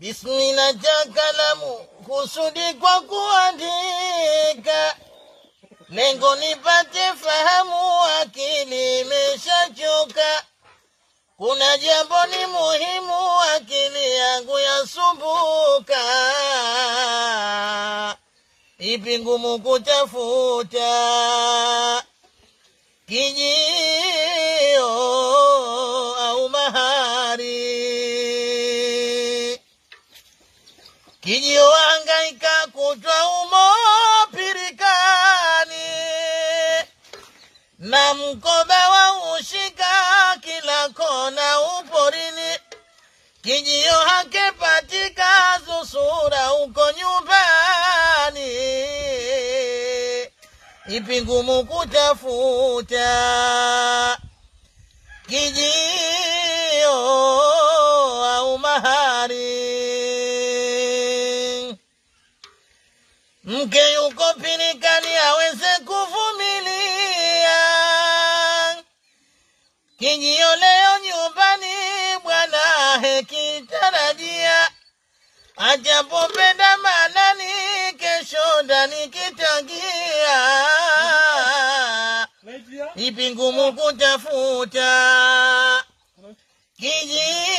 Bismillah ja kalamu kusudi kwa kuandika, lengo nipate fahamu, akili imeshachoka. Kuna jambo ni muhimu, akili yangu yasumbuka, ipi ngumu kutafuta kiji kijiwaangaika kutwa umo pirikani na mkoba wa ushika kila kona uporini kijio hake zusura uko nyumbani ipi ngumu kutafuta kijio Mke yuko pirikani aweze kuvumilia, kijio leo nyumbani bwana hekitarajia, ajapopenda manani, kesho ndani kitangia, ipi kutafuta kijio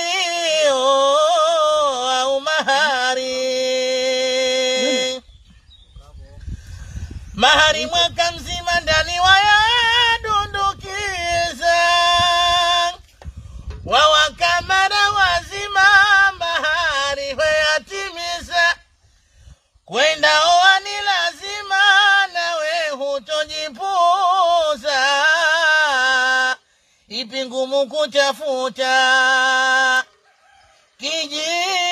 mwaka mzima ndani wayadundukiza, wawakamara wazima bahari wayatimiza. Kwenda oa lazima, nawe hutojipuza, ipi kutafuta kiji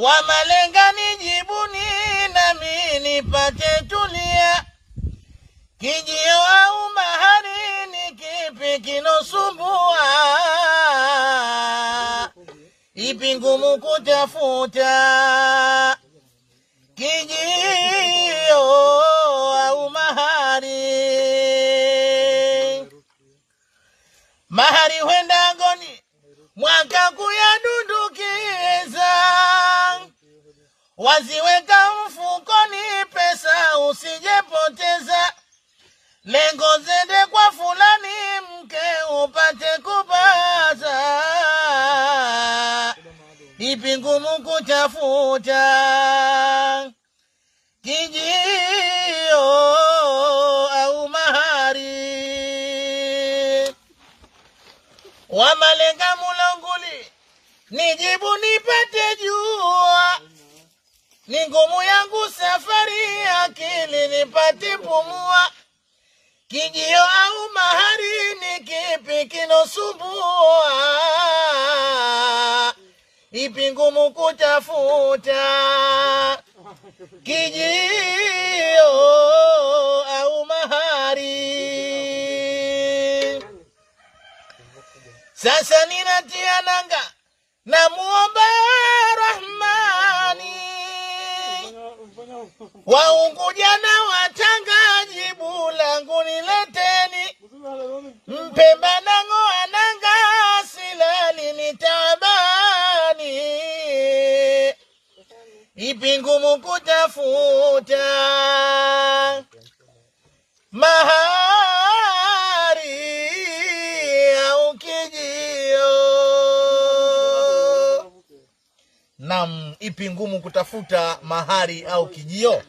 Wamalenga nijibuni, nami nipate tulia. Kijio au mahari, ni kipi kinosumbua? Ipi ngumu kutafuta kijio Kaziweka mfukoni pesa usijepoteza, lengo zende kwa fulani, mke upate kupata, ipi ngumu kutafuta kijio au mahari, wamalenga mulanguli, nijibu nipate juu ni ngumu yangu safari, akili nipati pumua. Kijio au mahari, ni kipi kinosumbua? Ipi ngumu kutafuta? Kijio au mahari? Sasa ninatia nanga, namuomba rahma Waunguja na Watanga, jibu langu nileteni. Mpemba na ananga, silali nitabani. Ipi ngumu kutafuta ipi ngumu kutafuta mahari au kijio?